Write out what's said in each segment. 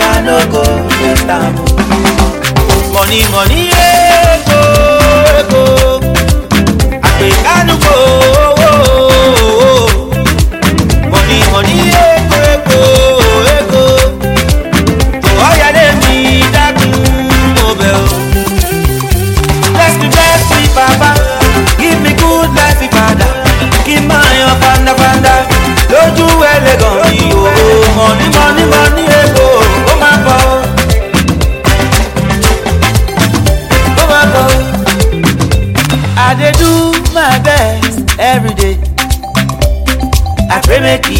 i no go get am money money ego ego àgbè kánúkò go. money money ego ego ego kò ọ̀yàdé mi dákun mo bẹ̀ bless me bless me papa give me good life ìpadà kí n máa yan fandafanda lójú ẹlẹ́gàn mi o money money.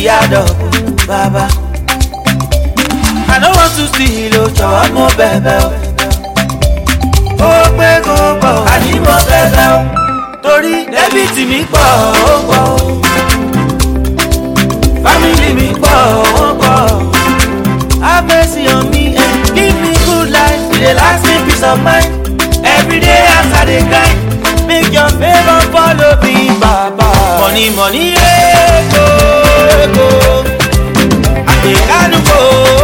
add up, I don't want to steal, oh, jọ̀wọ́ mo bẹ̀bẹ̀ o. Ó pé kó pọ̀, àní mo bẹ̀bẹ̀ o. Torí dẹ́bìtì mi pọ̀, ó pọ̀ o. Fámìlì mi pọ̀, ó pọ̀ o. Have mercy on me and give me good life. With a lasting peace of mind. Every day as I dey grind. make your favor follow me, Baba. Money, money, eko, eko. I think I know.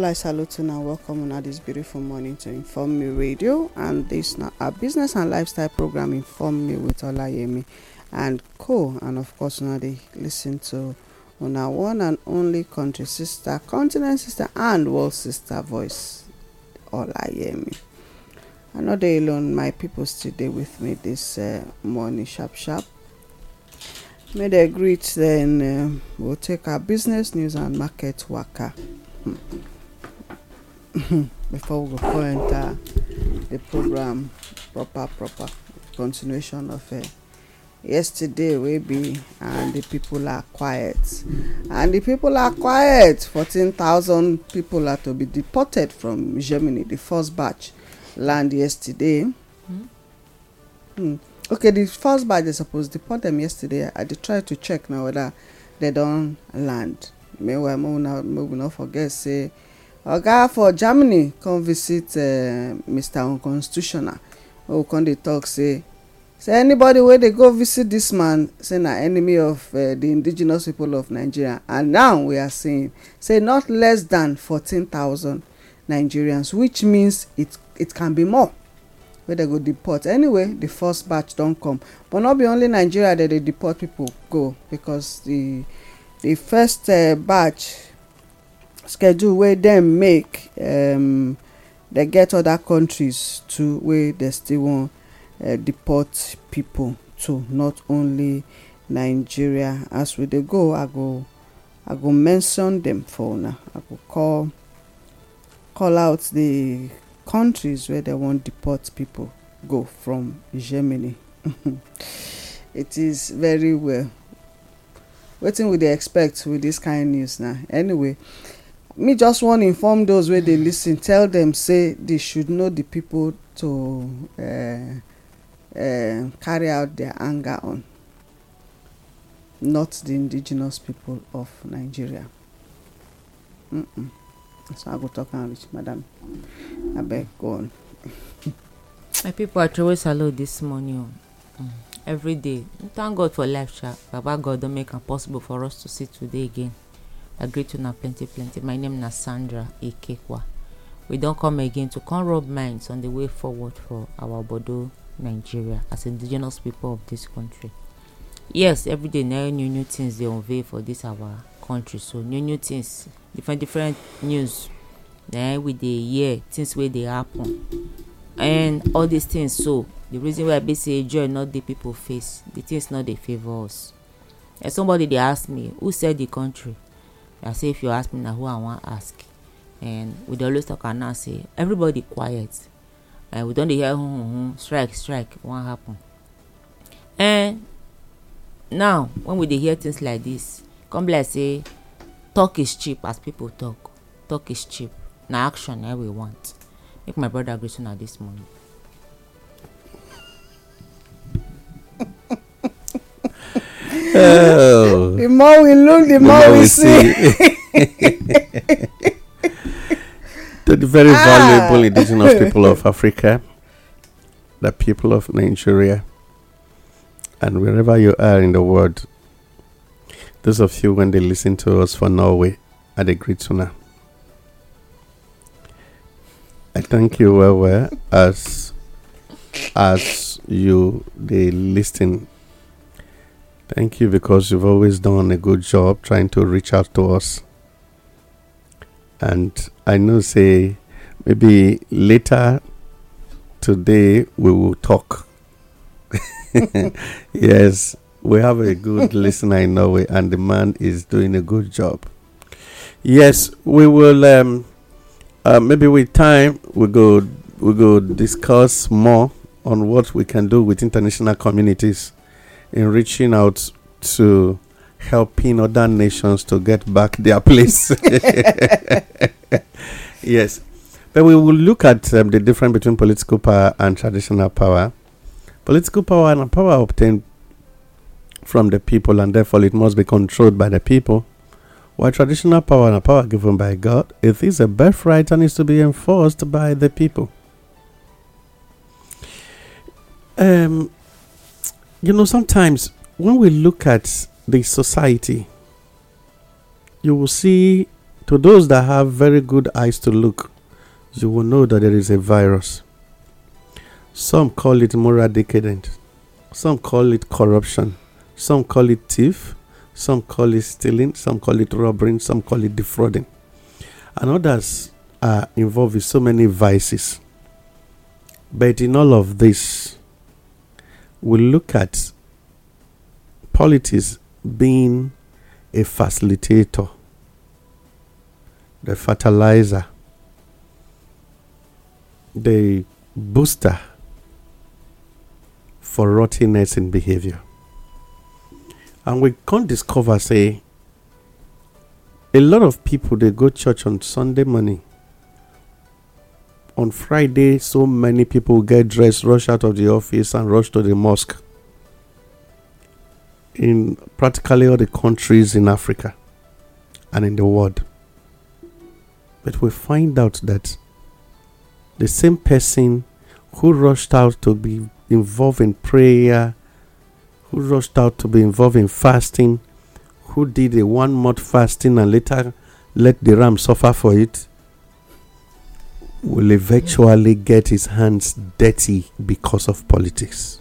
people, I salute and welcome on this beautiful morning to Inform Me Radio, and this now our business and lifestyle program Inform Me with Olayemi and Co. And of course, now they listen to on our one and only country sister, continent sister, and world sister voice, Olayemi. I know alone, my people today with me this uh, morning, sharp sharp. May they greet, then uh, we'll take our business news and market worker. Mm-hmm. before we go enter the program proper proper continuation of it. Eh, yesterday we be and the people are quiet and the people are quiet fourteen thousand people are to be deported from germany the first batch land yesterday mm. Mm. okay the first batch they suppose deport them yesterday i dey try to check now whether they don land meanwhile make we not forget say oga for germany come visit eh, mr unconstitutional wey we come dey tok say say anybody wey dey go visit dis man say na enemy of eh, the indigenous people of nigeria and now we are seeing say not less than fourteen thousand nigerians which means it it can be more wey dem go deport anyway the first batch don come but not be only nigeria dem dey deport people go because the the first eh, batch schedule wey dem make um dem get oda kontris too wey dem still wan uh, deport pipo to not only nigeria as we dey go i go i go mention dem for una i go call call out di kontris wey dem wan deport pipo go from germany it is very well wetin we dey expect with dis kain news na anyway me just wan inform those wey dey lis ten tell dem say they should know the people to uh, uh, carry out their anger on not the indigenous people of nigeria mm -mm. so i go talk am reach madam abeg go on. my people are throway salute this morning o oh. mm. every day thank god for life sha baba god don make am possible for us to see today again. I greet you plenty plenty. My name na Sandra Ikekwa. We don't come again to come rub minds on the way forward for our Bodo Nigeria as indigenous people of this country. Yes, every day now new new things they unveil for this our country. So new new things, different different news. Now eh, we dey hear things wey dey happen and all these things so the reason why i be say joy not dey people face the things not dey favour us and eh, somebody dey ask me who sell the country I say if you ask me na who I wan ask and we dey always talk am now say everybody quiet and we don dey hear hum hum hun hmm, strike strike wan happen and now when we dey hear things like this come be like say talk is cheap as people talk talk is cheap na action na we want make my brother greet una this morning. Oh. The more we look, the, the more, more, we, we see. the very ah. valuable indigenous people of Africa, the people of Nigeria, and wherever you are in the world. Those of you when they listen to us for Norway at the Great Tuna. I thank you well well as as you they listen Thank you because you've always done a good job trying to reach out to us. And I know, say, maybe later today we will talk. yes, we have a good listener in Norway, and the man is doing a good job. Yes, we will. Um, uh, maybe with time, we go we go discuss more on what we can do with international communities in reaching out to helping other nations to get back their place. yes. But we will look at um, the difference between political power and traditional power. Political power and power obtained from the people, and therefore it must be controlled by the people. While traditional power and power given by God, it is a birthright and is to be enforced by the people. Um, you know, sometimes when we look at the society, you will see to those that have very good eyes to look, you will know that there is a virus. Some call it moral decadent, some call it corruption, some call it thief, some call it stealing, some call it robbing, some call it defrauding. And others are involved with so many vices. But in all of this, we look at politics being a facilitator, the fertilizer, the booster for rottenness in behavior. And we can't discover, say, a lot of people they go church on Sunday morning on Friday, so many people get dressed, rush out of the office, and rush to the mosque in practically all the countries in Africa and in the world. But we find out that the same person who rushed out to be involved in prayer, who rushed out to be involved in fasting, who did a one month fasting and later let the ram suffer for it, will eventually get his hands dirty because of politics.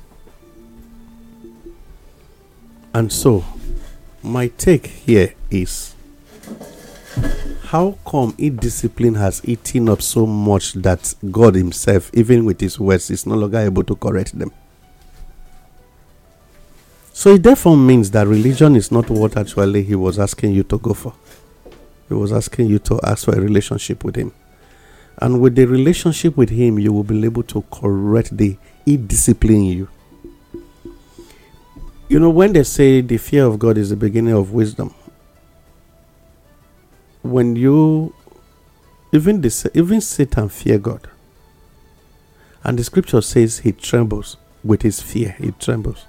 And so, my take here is how come indiscipline has eaten up so much that God Himself, even with His words, is no longer able to correct them? So it therefore means that religion is not what actually He was asking you to go for. He was asking you to ask for a relationship with Him. And with the relationship with Him, you will be able to correct the discipline you. You know, when they say the fear of God is the beginning of wisdom, when you even this even Satan fear God. And the scripture says he trembles with his fear, he trembles.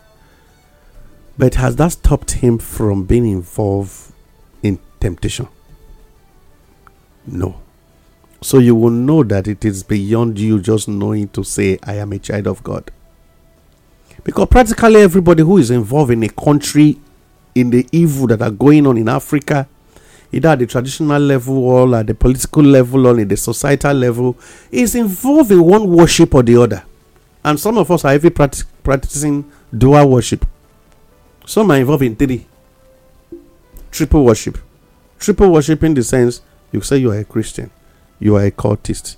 But has that stopped him from being involved in temptation? No. So you will know that it is beyond you just knowing to say, I am a child of God. Because practically everybody who is involved in a country, in the evil that are going on in Africa, either at the traditional level or at the political level or at the societal level, is involved in one worship or the other. And some of us are even practicing dual worship. Some are involved in three. Triple worship. Triple worship in the sense you say you are a Christian you are a cultist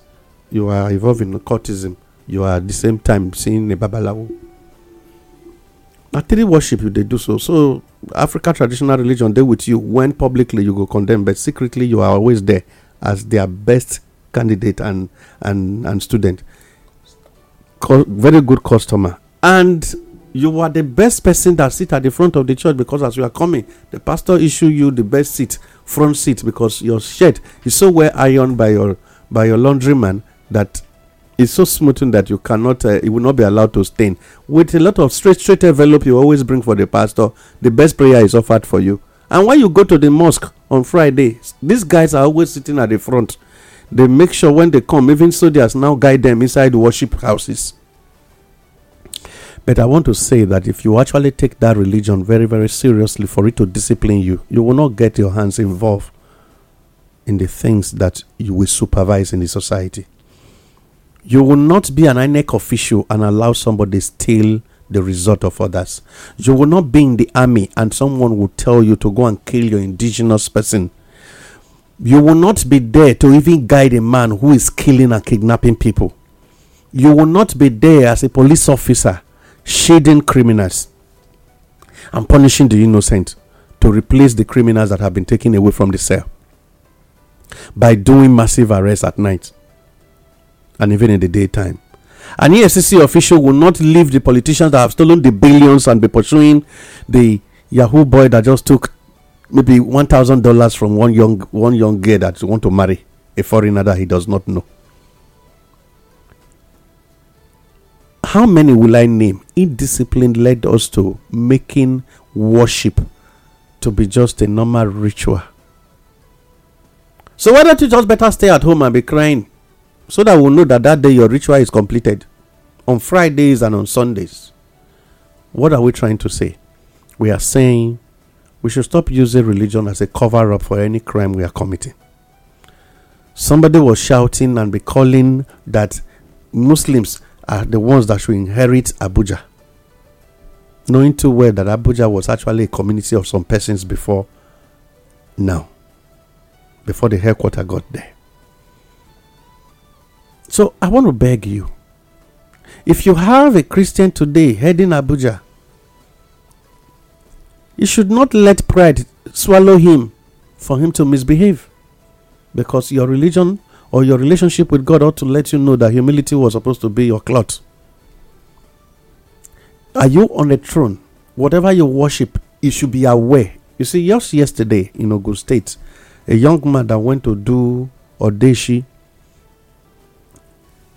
you are involved in cultism you are at the same time seeing a babalawo na three worship you dey do so so africa traditional religion dey with you when publicly you go condemn but secretly you are always there as their best candidate and and and student Co- very good customer and you are the best person that sit at the front of the church because as you are coming the pastor issue you the best seat front seat because your shirt is so well ironed by your by your laundry man that it's so smoothing that you cannot uh, it will not be allowed to stain with a lot of straight straight envelope you always bring for the pastor the best prayer is offered for you and when you go to the mosque on friday these guys are always sitting at the front they make sure when they come even soldiers now guide them inside worship houses But I want to say that if you actually take that religion very, very seriously for it to discipline you, you will not get your hands involved in the things that you will supervise in the society. You will not be an INEC official and allow somebody steal the result of others. You will not be in the army and someone will tell you to go and kill your indigenous person. You will not be there to even guide a man who is killing and kidnapping people. You will not be there as a police officer shading criminals and punishing the innocent to replace the criminals that have been taken away from the cell by doing massive arrests at night and even in the daytime. An ESCC official will not leave the politicians that have stolen the billions and be pursuing the Yahoo boy that just took maybe one thousand dollars from one young one young girl that wants to marry a foreigner that he does not know. how many will I name? Indiscipline led us to making worship to be just a normal ritual. So why don't you just better stay at home and be crying so that we'll know that that day your ritual is completed on Fridays and on Sundays? What are we trying to say? We are saying we should stop using religion as a cover up for any crime we are committing. Somebody was shouting and be calling that Muslims are the ones that should inherit Abuja. Knowing too well that Abuja was actually a community of some persons before now, before the headquarters got there. So I want to beg you if you have a Christian today heading Abuja, you should not let pride swallow him for him to misbehave because your religion or your relationship with God ought to let you know that humility was supposed to be your cloth. Are you on a throne? Whatever you worship, you should be aware. You see, just yesterday in Ogo State, a young man that went to do Odeshi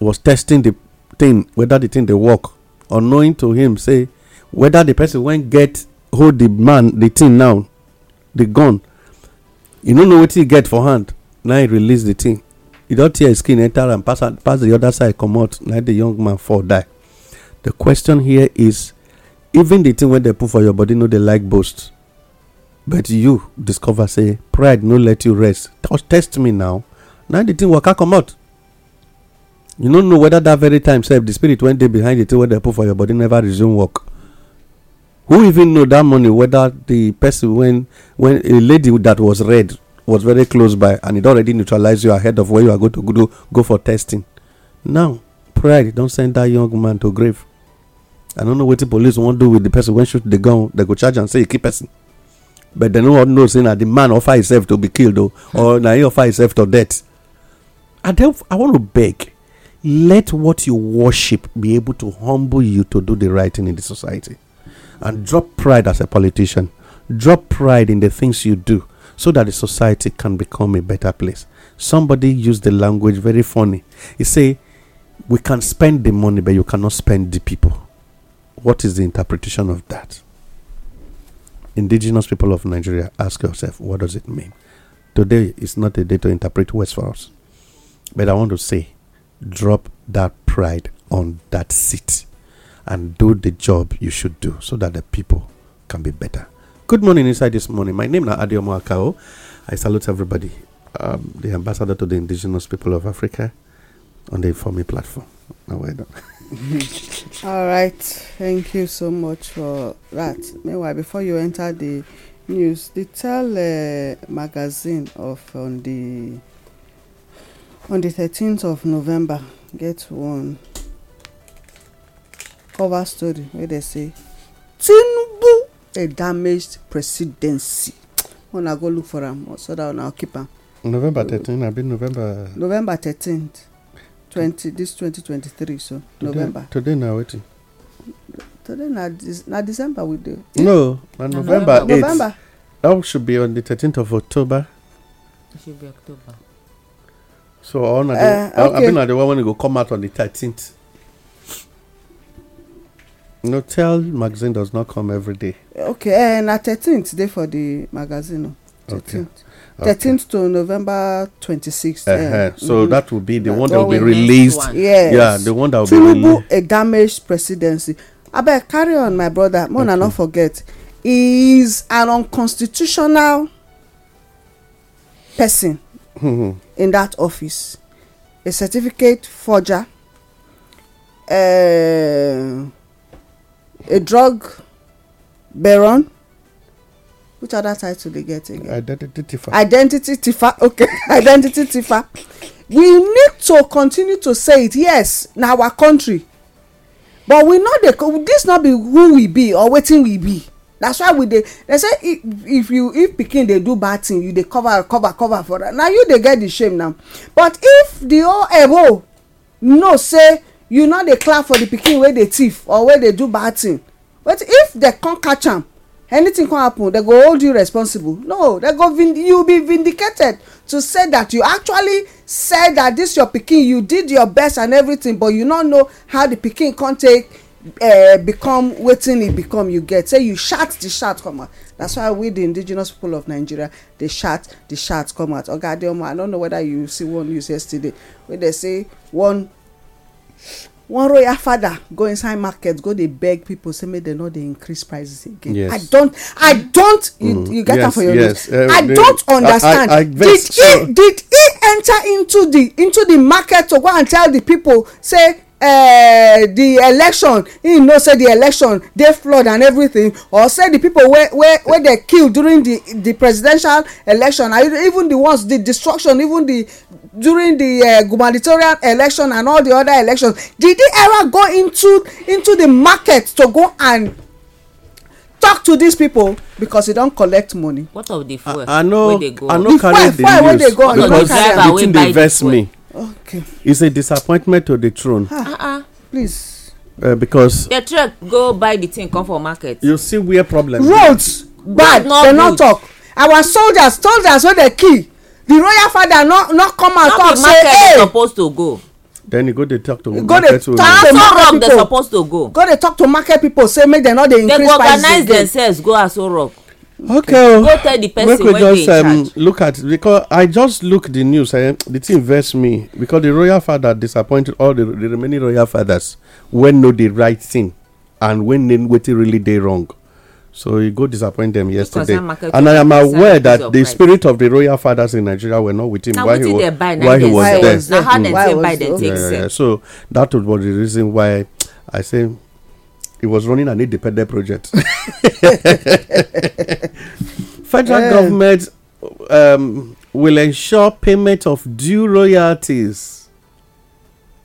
was testing the thing, whether the thing they work, unknowing to him, say, whether the person went get hold the man, the thing now, the gun, you don't know what he get for hand. Now he release the thing. e don tear skin enter and pass pass the other side Come out, let the young man fall die the question here is even the thing when they put for your body no they like boast but you discover say pride no let you rest test me now Now the thing will come out. you don't know whether that very time sef the spirit went dey behind the thing when they put for your body never resume work who even know that money? whether the person when when a lady that was red was very close by and it already neutralized you ahead of where you are going to go, go for testing now pride don send that young man to grave i no know wetin police wan do with the person wey shoot the gun they go charge am say e kill person but they no know say na the man offer himself to be killed o oh, or na he offer himself to death I i want to beg let what you worship be able to humble you to do the right thing in the society and drop pride as a politician drop pride in the things you do so that the society can become a better place. Somebody used the language very funny. He say, "We can spend the money, but you cannot spend the people." What is the interpretation of that? Indigenous people of Nigeria, ask yourself, what does it mean? Today is not a day to interpret words for us, but I want to say, drop that pride on that seat and do the job you should do so that the people can be better. Good morning, Inside This Morning. My name is Adiomo Akao. I salute everybody, um, the ambassador to the indigenous people of Africa on the Informe platform. Now, well done. All right. Thank you so much for that. Meanwhile, before you enter the news, the Tell uh, magazine of on the on the 13th of November get one cover story where they say Tinubu a damaged presidency una go look for am so that una keep am. november thirteen abi november. november thirteen twenty this twenty twenty three so today, november. today na wetin. today na na december we dey. no na november eight november. that should be on the thirteenth of october. it should be october. so all na the uh, okay. abi na the one wey go come out on the thirteenth. Notel magazine does not come every day okay uh, na 13th for the magazine o 13th okay. 13 to november twenty-sixth. uh -huh. uh, so mm, that will be the one that will be released yes yeah the one that will Tinubu, be released a damaged presidency abeg carry on my brother more okay. not forget is an unconstitutional person mm-hmm. in that office a certificate forger uh, a drug baron which other title they get again. identity tifa? identity tifa. okay identity tifa. we need to continue to say it yes na our country but we no dey this no be who we be or wetin we be that's why we dey they say if, if you if pikin dey do bad thing you dey cover cover cover for am na you dey get the shame now but if the whole ebo know say you no dey clap for the pikin wey dey thief or wey dey do bad thing but if dem come catch am anything come happen dem go hold you responsible no dem go you be vindicated to say that you actually said that this your pikin you did your best and everything but you no know how the pikin come take uh, become wetin e become you get say you shout the shout come out that's why we the indigenous people of nigeria dey shout the shout come out oga adeomo i no know whether you see one news yesterday wey dey say one one royal father go inside market go dey beg people say make dem no dey increase prices again yes. i don't i don't you, mm. you get yes, am for your yes. uh, i they, eh, don't understand I, I, I did so. he did he enter into the into the market to go and tell the people say uh, the election he know say the election dey flood and everything or say the people wey wey wey dey kill during the the presidential election and even the ones the destruction even the during the uh, gubernatorial election and all the other elections did he ever go into into the market to go and talk to these people because he don collect money. what of the fuel I, I know, wey dey go on. i no carry the news because the thing dey vex me okay. it's a disappointment to the throne. Ah, ah, please. Uh, because. the truck go buy the thing come for market. you see where problem. roads bad dem no talk our soldiers soldiers wey dey kill the royal father no no come out talk say hey suppose to go then you go dey talk to go market people go dey talk to market people they suppose to go go dey talk to market people say make dem no dey increase prices again they go organize themselves go aso rock okay oh. go tell the person wey dey in charge make we just um, look at because i just look the news eh, the thing vex me because the royal father disappointed all the, the remaining royal fathers wey know the right thing and wey name wetin really dey wrong. So you go disappoint them yesterday. And I am aware that the spirit of the royal fathers in Nigeria were not with him while he, was, Why he was there. Yeah, yeah. So that was the reason why I say he was running an independent project. Federal yeah. government um, will ensure payment of due royalties.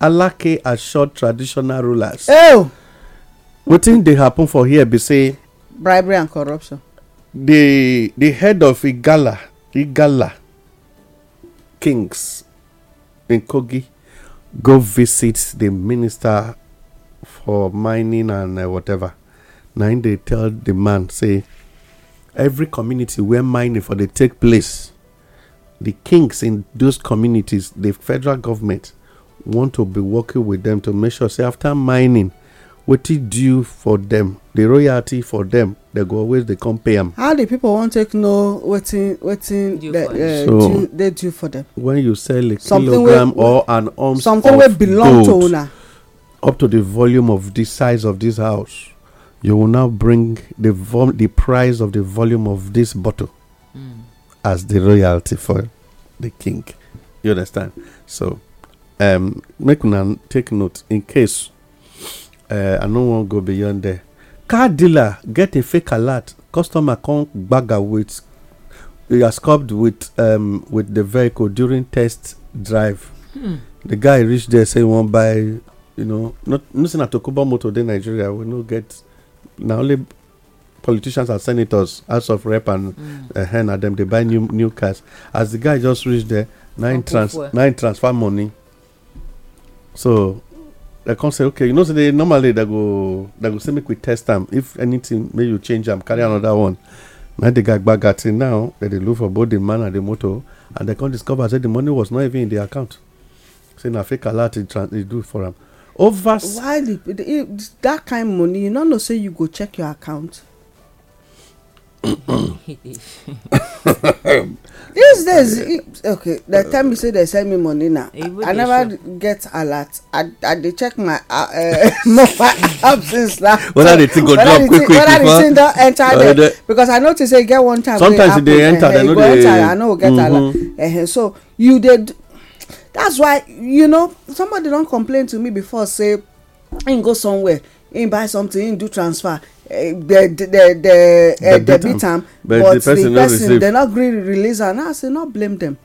Alake assured traditional rulers. Oh. What thing they happen for here be say bribery and corruption. The the head of Igala Igala Kings in Kogi go visit the minister for mining and uh, whatever. Now they tell the man say every community where mining for they take place, the kings in those communities, the federal government want to be working with them to make sure say after mining wetin due for dem the royalty for dem dem go always dey come pay am. how the people wan take know wetin wetin dey due for dem. when you sell a kilogram wey, or an ounce of gold something wey belong to una. up to the volume of the size of this house you will now bring the vom- the price of the volume of this bottle mm. as the royalty for the king. You understand? So, um, make una take note in case uh, i no wan go beyond there car dealer get a fake alert customer come gbaga with he has coped with um, with the vehicle during test drive hmm. the guy reach there say he wan buy you know not no say na tokubo motor dey nigeria we no get na only politicians and senators house of rep and mm. uh, na dem dey buy new new cars as the guy just reach there nine trans nine transfer money so the say okay you know so they normally they go they go say make we test them. if anything make you change am carry another one Now they got the at till now they dey look for both the man and the motor and they can't discover say the money was not even in the account say na fake alert e trans do for am over. why the, the that kind of money you know, no say you go check your account. these days it, okay the uh, time you say they send me money now i never get alert i i dey check my uh, uh mobile app since now whether the thing go drop quick quick whether the thing don enter uh, there because i notice say e get one time sometimes eh, e dey enter dem no dey i no go get alert uh, so you dey that's why you know somebody don complain to me before say im go somewhere im buy something im do transfer The the the debit am but the person dem no gree release am now i say no blame them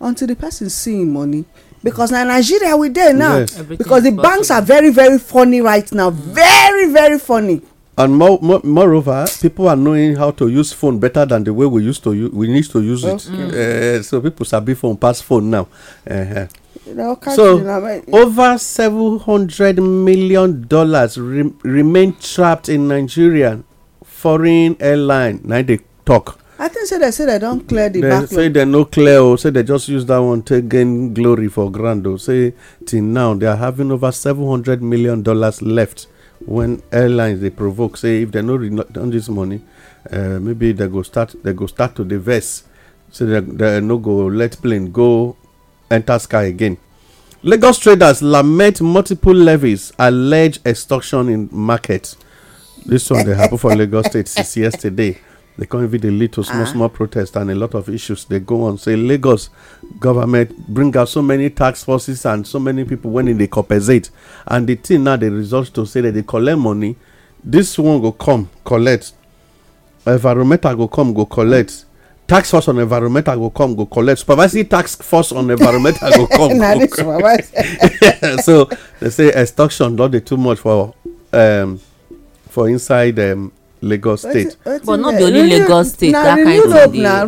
until the person see him money because na nigeria we dey now because the banks are very very funny right now very very funny and more, more, moreover people are knowing how to use phone better than the way we used to use we need to use okay. it uh, eh, so people sabi phone pass phone now uh eh, -huh. Eh. So, over seven hundred million re- remain trapped in Nigerian foreign airline. Now they talk. I think say they say they don't clear the they backlog. Say they no clear or oh, say they just use that one to gain glory for grando. Oh, say till now they are having over seven hundred million dollars left when airlines they provoke say if they no on this money, uh, maybe they go start they go start to divest. So they, they no go let plane go enter sky again. Lagos traders lament multiple levies, allege extortion in market. This one they happen for Lagos State since yesterday. They come even a little small, uh-huh. small protest and a lot of issues. They go on say Lagos government bring out so many tax forces and so many people when the compensate. And the thing now they results to say that they collect money. This one go come collect. Environmental go come go collect tax force on environmental go come go collect supervisory tax force on environmental go come go collect so they say extortion don dey too much for um, for inside um, lagos state but not be only lagos state that kind of thing uh,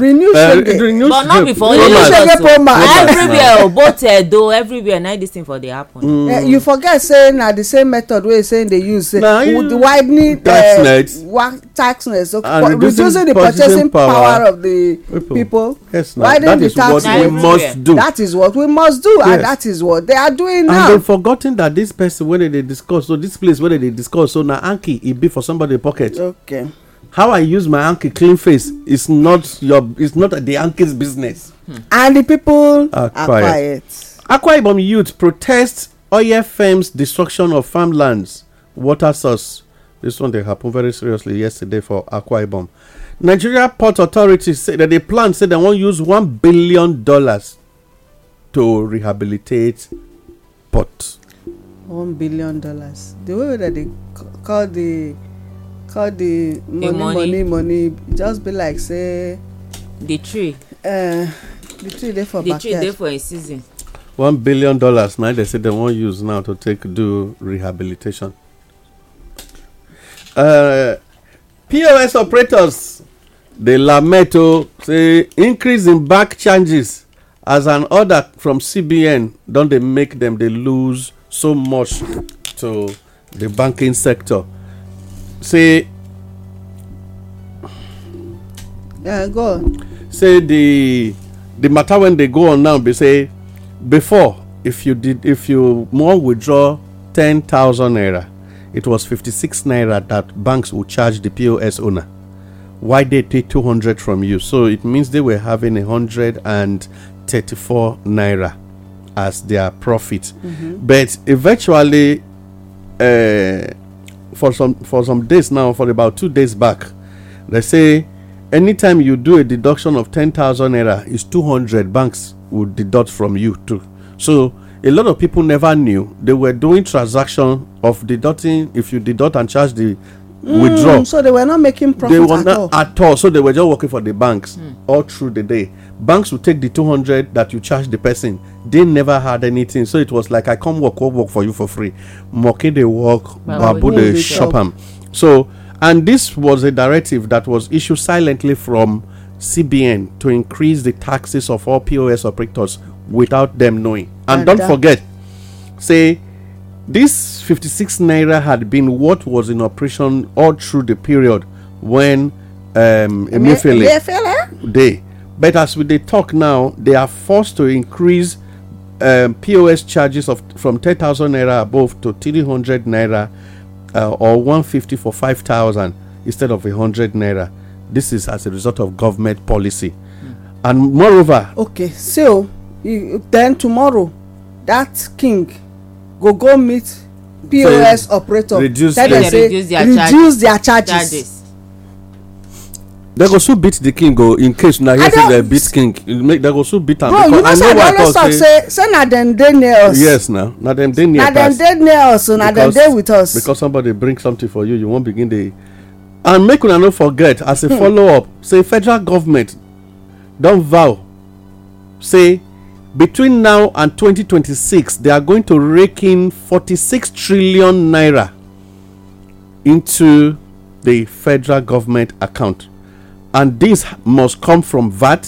but not be for only lagos state everywhere oh, both edo everywhere na dis thing for dey happen. Mm. Eh, you forget say na the same method wey say dey use say widening tax eh, nets reducing the purchasing power of the people widening the tax everywhere. that is what we must do and that is what they are doing now. and dem forgotten that this person wey dem dey discuss so this place wey dem dey discuss so na anki e be for somebody pocket okay. how i use my hanky clean face is not your is not the hanky's business. Hmm. and the people are, are quiet. akwa ibom youth protest oil firms destruction of farmlands water source this one dey happen very seriously yesterday for akwa ibom nigeria port authority say that they plan say they wan use one billion dollars to rehabilitate port. one billion dollars the way that they call the call the money money money just be like say the tree uh, the tree dey for backyard the tree dey for a season one billion dollars na dey say dem wan use now to take do rehabilitation uh, eh, pos operators dey lament o oh, say increase in bank changes as an order from cbn don dey make dem dey lose so much to the banking sector. say yeah, go on. say the the matter when they go on now be say before if you did if you more withdraw 10,000 naira it was 56 naira that banks would charge the POS owner why they take 200 from you so it means they were having 134 naira as their profit mm-hmm. but eventually uh, for some for some days now, for about two days back, they say anytime you do a deduction of ten thousand naira, is two hundred banks will deduct from you too. So a lot of people never knew they were doing transaction of deducting. If you deduct and charge the mm, withdraw. So they were not making profit they were at not all. At all. So they were just working for the banks mm. all through the day. Banks would take the 200 that you charge the person. They never had anything. So it was like, I come work, work, work for you for free. Moki they work, Babu they shop them. So, and this was a directive that was issued silently from CBN to increase the taxes of all POS operators without them knowing. And, and don't forget, say, this 56 naira had been what was in operation all through the period when um, Emefiele day. But as with they talk now, they are forced to increase um, POS charges of from 10,000 naira above to 300 naira uh, or 150 for 5,000 instead of 100 naira. This is as a result of government policy. Hmm. And moreover, okay, so then tomorrow that king go go meet pos so operator reduce tell them say reduce their reduce their charges. charges. dem go still beat the king o oh, in case una hear say dem beat king make dem go still beat am because i know why i say bro you know say i dey always talk say say na dem dey near us yes na na dem dey near us na dem dey near us o na dem dey with us because somebody bring something for you you wan begin dey and make una no forget as a hmm. follow up say federal government don vow say between now and 2026 they are going to rake in 46 trillion naira into the federal government account and this must come from vat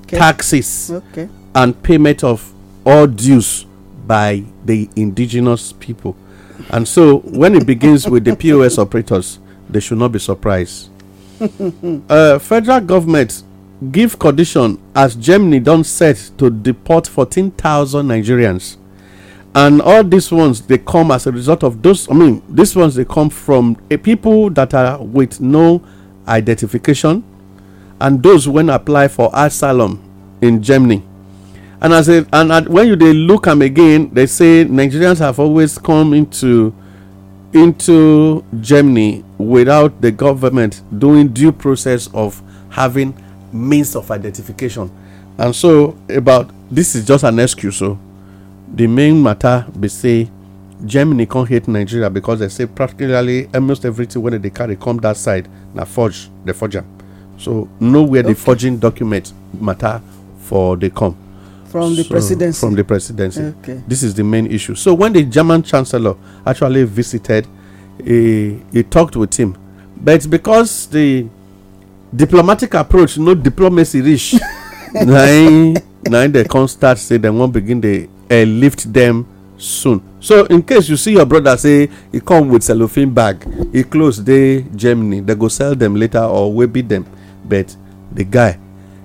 okay. taxes okay. and payment of all dues by the indigenous people and so when it begins with the pos operators they should not be surprised uh, federal government give condition as Germany don't set to deport 14,000 Nigerians. And all these ones they come as a result of those. I mean, these ones they come from a people that are with no identification, and those when apply for asylum in Germany. And as a, and at, when you they look them again, they say Nigerians have always come into into Germany without the government doing due process of having means of identification. And so, about this is just an excuse. So, the main matter be say Germany can't hate Nigeria because they say practically almost everything when they carry come that side now forge the forger. So nowhere okay. the forging document matter for the come. From the presidency. From the presidency. Okay. This is the main issue. So when the German chancellor actually visited, he, he talked with him, but because the diplomatic approach no diplomacy reach nine nine They can't start say won't begin dey lift them soon so in case you see your brother say he come with cellophane bag he close the germany They go sell them later or we beat them. but the guy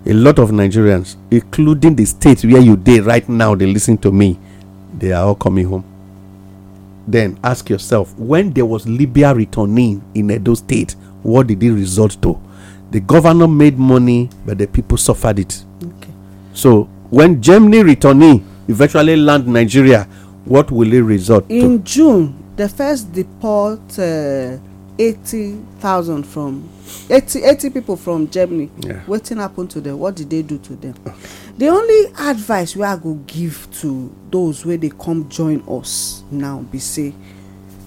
a lot of nigerians including the state where you did right now they listen to me they are all coming home then ask yourself when there was libya returning in edo state what did it result to the governor made money, but the people suffered it. Okay. So when Germany returnee eventually land Nigeria, what will it result In to? June, the first deport uh, eighty from 80 80 people from Germany. Yeah. Wetin happen to them? What did they do to them? The only advice wey I go give to those wey dey come join us now be say,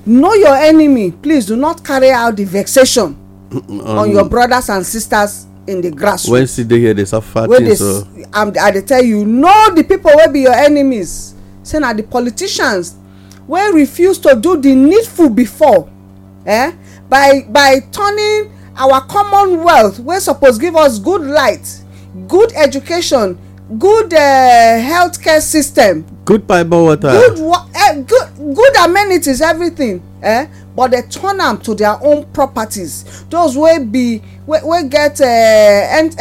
know your enemy. Please do not carry out the vexation on, um, on your brothers and sisters in the grass when still dey here dey suffer things so and um, i dey tell you know the people wey be your enemies say na the politicians wey refuse to do the needful before eh by by turning our commonwealth wey suppose give us good light good education good uh, healthcare system. good pipe water. good wa uh, good good amenities everything eh? but dey turn am to their own properties those wey be wey wey get uh,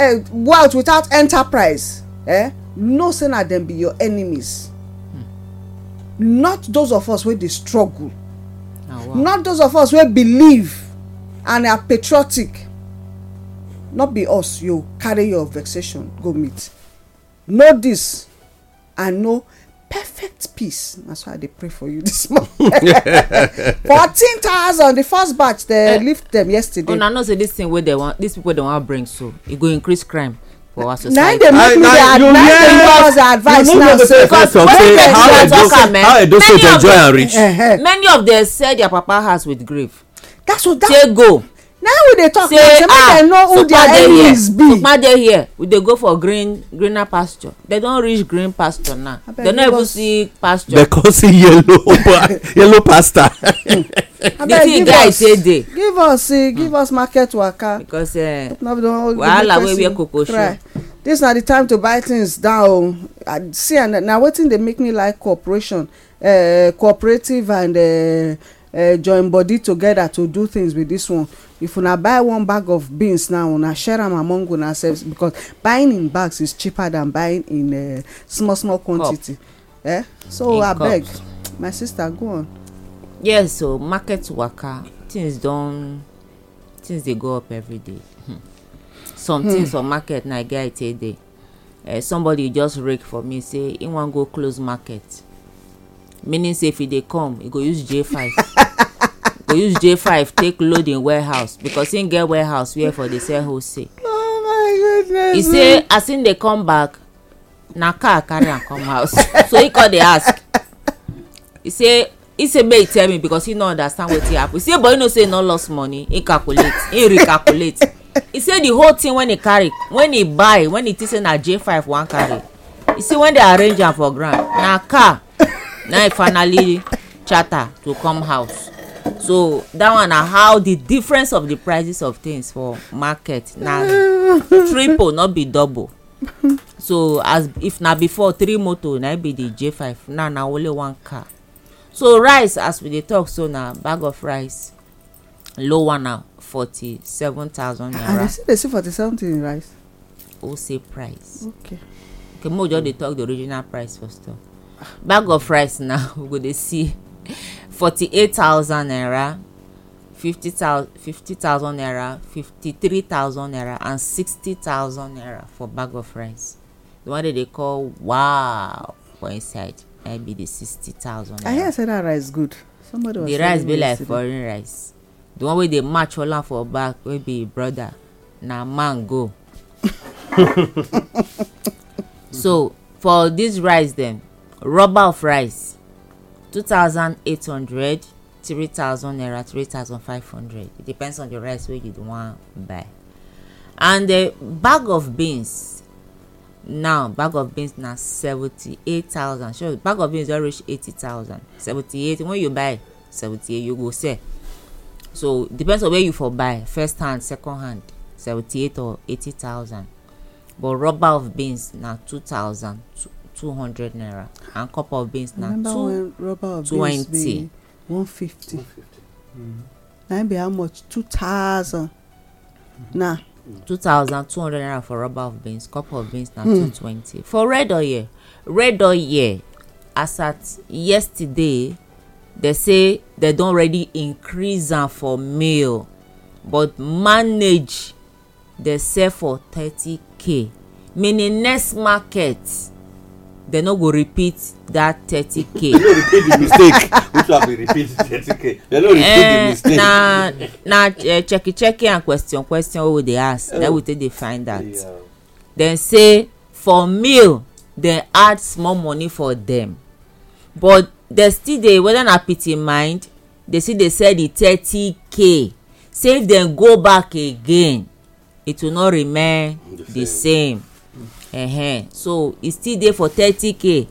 uh, wealth without enterprise eh? No say na dem be your enemies hmm. not those of us wey dey struggle oh, wow. not those of us wey believe and are patriotic no be us you carry your vexation go meet know this and know perfect peace na so i dey pray for you this morning fourteen thousand the first batch dey uh, eh, lift them yesterday. una know say this thing wey dem wan these people dem wan bring so e go increase crime for our society. na dey make me dey na dey give us advice now say because when they don talk am eh many of them uh-huh. many of them sell their papa house with grief. that's what that take go na we dey talk say say make dem ah, know who their enemies be. sukpa dey here we dey go for green greener pasture dem don reach green pasture now dem no even see pasture. dem come see yellow yellow pasture. the thing guy say dey. give us give us market waka. because uh, wahala wey wear cocoa shoe. this na the time to buy things down o oh. see na wetin dey make me like cooperation uh, cooperative and. Uh, Eh, join body together to do things with this one if una buy one bag of beans now una share am among una selves because buying in bags is cheaper than buying in eh, small small quantity eh so abeg my sister go on yes so market waka things don things dey go up every day hmm. some hmm. things for market na get i take dey eh, somebody just rake for me say im wan go close market meaning say if e dey come e go use j5 go use j5 take load im warehouse because im get warehouse where for dey sell wholesale oh my goodness e say as im dey come back na car carry am come house so he come dey ask he say he say make he tell me because he no understand wetin happen he say but he know say he no lost money he calculate he recalculate he say the whole thing when he carry when he buy when he think say na j5 wan carry he say when they arrange am for ground na car now he finally charter to come house so that one na how the difference of the prices of things for market na triple not be double so as if na before three motor na be the j five now na only one car so rice as we dey talk so na bag of rice low one na forty-seven thousand ah, naira. and they still dey see forty-seven thousand rice. wholesale price. okay. okay mo just dey talk the original price for store bag of rice now we go dey see forty-eight thousand naira fifty thousand naira fifty-three thousand naira and sixty thousand naira for bag of rice the one they dey call wow for inside na be the sixty thousand naira. i hear say that rice good somebody the rice be like foreign rice the one wey dey match hola for back wey be brother na mango. so for this rice dem rubber of rice two thousand eight hundred three thousand naira three thousand five hundred it depends on the rice wey you wan buy and the bag of beans now bag of beans na seventy-eight thousand sure bag of beans don reach eighty thousand seventy-eight when you buy seventy-eight you go sell so depends on where you for buy first hand second hand seventy-eight or eighty thousand but rubber of beans na two thousand two hundred naira and cup of beans na two twenty. one fifty na be how much two thousand na. two thousand two hundred naira for rubber of beans cup of beans na hmm. two twenty for red oil red oil as at yesterday they say they don already increase am for male but manage dey sell for thirty k meaning next market They no go repeat that thirty k. They no repeat the mistake which one be repeat thirty k They no repeat uh, the eh, mistake. na na uh, eh, checking checking and question question wey we dey ask oh. na we take dey find out yeah. say for meal dem add small money for dem but dem still dey whether na pity mind dem still dey sell the thirty k say if dem go back again it will not remain the same. The same -huh. so e still dey for thirty k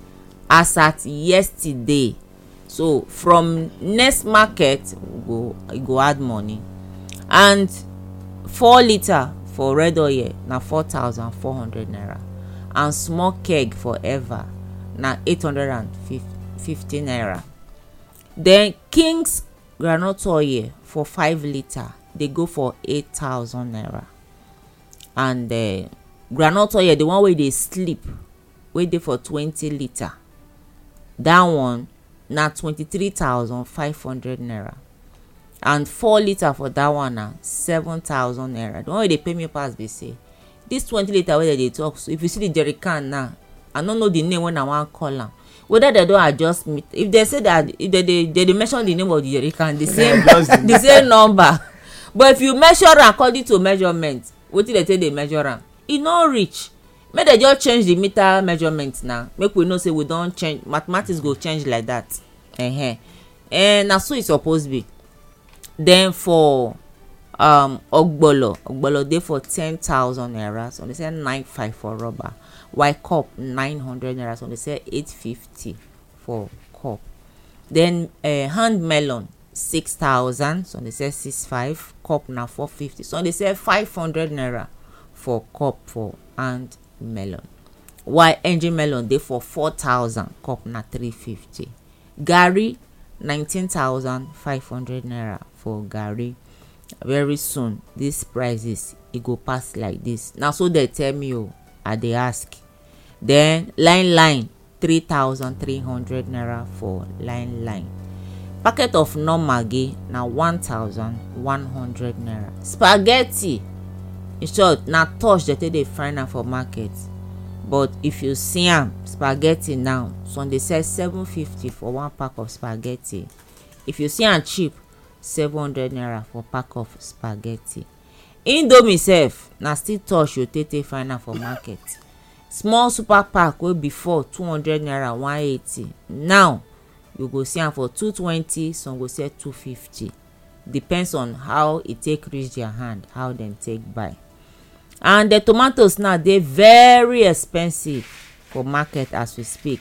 as at yesterday so from next market we go we go add money and four litre for red oil na four thousand four hundred naira and small keg forever eva na eight hundred and fifty naira then king's groundnut oil for five litre dey go for eight thousand naira and uh, groundnut oil the one wey dey sleep, wey dey for twenty litre that one na twenty-three thousand, five hundred naira and four litre for that one na seven thousand naira the one wey dey pay me pass be say this twenty litre wey dem dey talk so if you see the jerry can now i no know the name wey i wan call am whether dem don adjust me if dem say that if dem dey dem dey mention the name of the jerry can the same the same number but if you measure am according to measurement wetin dem take dey measure am e no reach make dem just change the meter measurement na make we know say we don change mathematics go change like that uh -huh. eh na so e suppose be then for um ogbolo ogbolo dey for ten thousand naira So they say nine five for rubber while cup nine hundred naira So they say eight fifty for cup then uh, hand melon six thousand So they say six five cup na four fifty So they say five hundred naira for cup for hand melon while engine melon dey for four thousand cup na three fifty garri nineteen thousand five hundred naira for garri very soon these prices e go pass like this na so dey tell me o i dey ask then line line three thousand three hundred naira for line line packet of normal maggi na one thousand one hundred naira spaghetti in short na torch dey take dey find am for market but if you see am spaghetti now some dey sell seven fifty for one pack of spaghetti if you see am cheap seven hundred naira for pack of spaghetti indomie sef na still torch you take take find am for market small super pack wey before two hundred naira one eighty now you go see am for two twenty some go sell two fifty depends on how e take reach their hand how dem take buy and the tomatoes now dey very expensive for market as we speak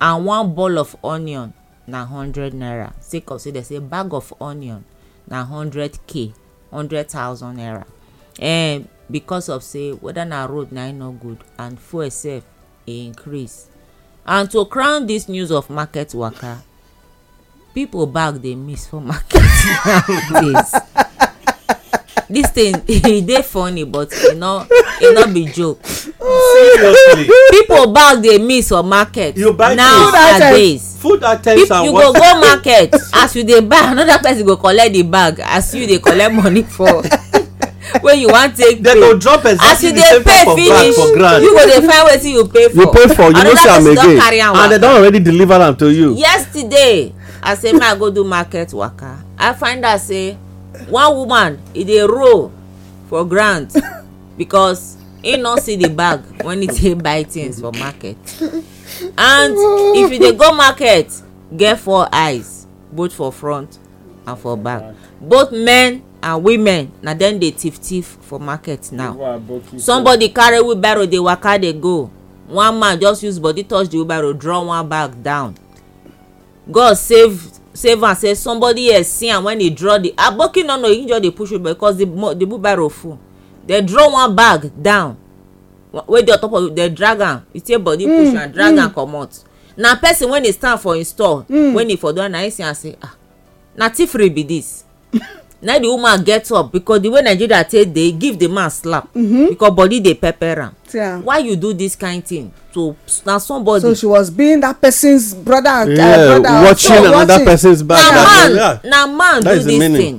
and one ball of onion na hundred naira sake of say dem say bag of onion na hundred k hundred thousand naira eh because of say whether na road na no good and fuel sef e increase and to crown dis news of market waka people bag dey miss for market nowadays this thing e dey funny but e no e no be joke. seriously. people bag dey miss for market. you buy days. food items and water. you go go market as you dey buy another person go collect the bag as you dey collect money for. wey you wan take pay exactly as you dey pay finish you go dey find wetin you pay for you pay for you know say am again and they don already deliver am to you. yesterday as a I go do market waka i find out say one woman e dey roll for ground because e no see the bag when e take buy things for market and if you dey go market get four eyes both for front and for back both men and women na dem dey thief thief for market now somebody carry wheelbarrow dey waka dey go one man just use body touch the wheelbarrow draw one bag down god save save am say somebody else see am when e draw the aboki ah, no no e just dey push wheelbarrow because the the wheelbarrow full dem draw one bag down wey dey on top of dem drag am e take body mm, push am drag am mm. comot na person wey dey stand for im store wey e for do na im see am say ah na thievery be this na the woman get up because the way nigeria take dey give the man slap. Mm -hmm. because body dey pepper am. Yeah. why you do this kind thing to na somebody. so she was being that person's brother. Uh, yeah brother. watching so another person's back. na man yeah. na man that do this meaning. thing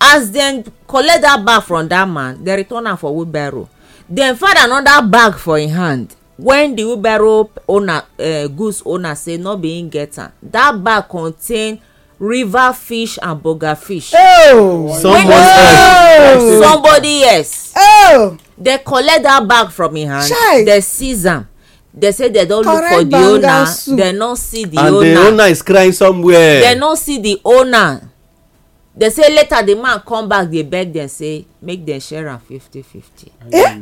as dem collect that bag from that man dem return am for wheelbarrow dem find another bag for im hand when the wheelbarrow owner uh, goods owner say no be im get am that bag contain river fish and boga fish. Oh, else. somebody else. Oh. they collect that bag from im hand. Chai. they seize am they say they don look for the owner soup. they no see the owner and the owner is crying somewhere. they no see the owner they say later the man come back dey beg dem say make dem share am fifty fifty. eh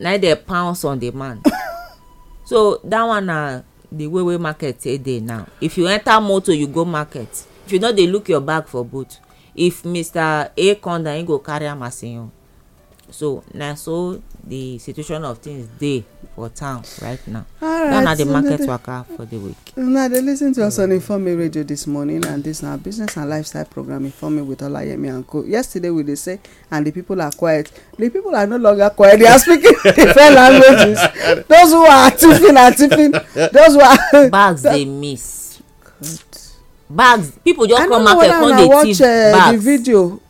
na dey pounce on the man. so that one na the way wey market take dey now if you enter motor you go market if you no dey look your bag for boot if mr a come down him go carry am as him own so na so the situation of things dey for town right now right, that na the market so waka for the week. una dey lis ten to us on informe radio this morning and this na business and lifestyle program informe with olayemi and co yesterday we dey say and the people are quiet the people are no longer quiet they are speaking different languages those who are tiffin are tiffin those who are. bags dey miss. God bags people just come market come dey thief eh, bags. i know when i watch the video